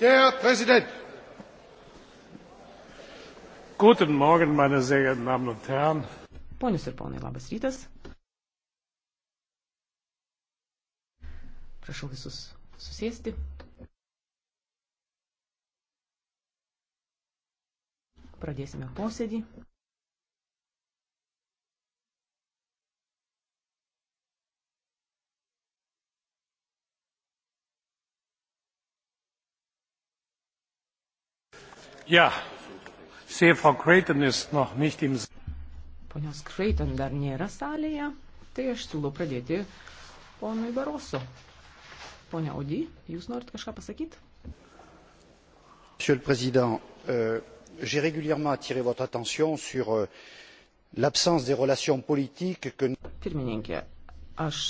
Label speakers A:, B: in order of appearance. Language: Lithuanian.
A: Herr Präsident! Guten Morgen, meine
B: sehr geehrten Damen und Herren! Ponius ir ponai, labas rytas. Prašau visus susėsti. Pradėsime posėdį.
A: Ja, sehe, Frau Creighton ist noch
C: nicht im. Ponios Creighton dar nėra salėje, tai aš siūlau pradėti ponui Baroso. Pone Audy, jūs norit kažką pasakyti?
A: Monsieur le Président, euh, j'ai régulièrement attiré votre attention sur euh, l'absence des relations politiques que. Pirmininkė, aš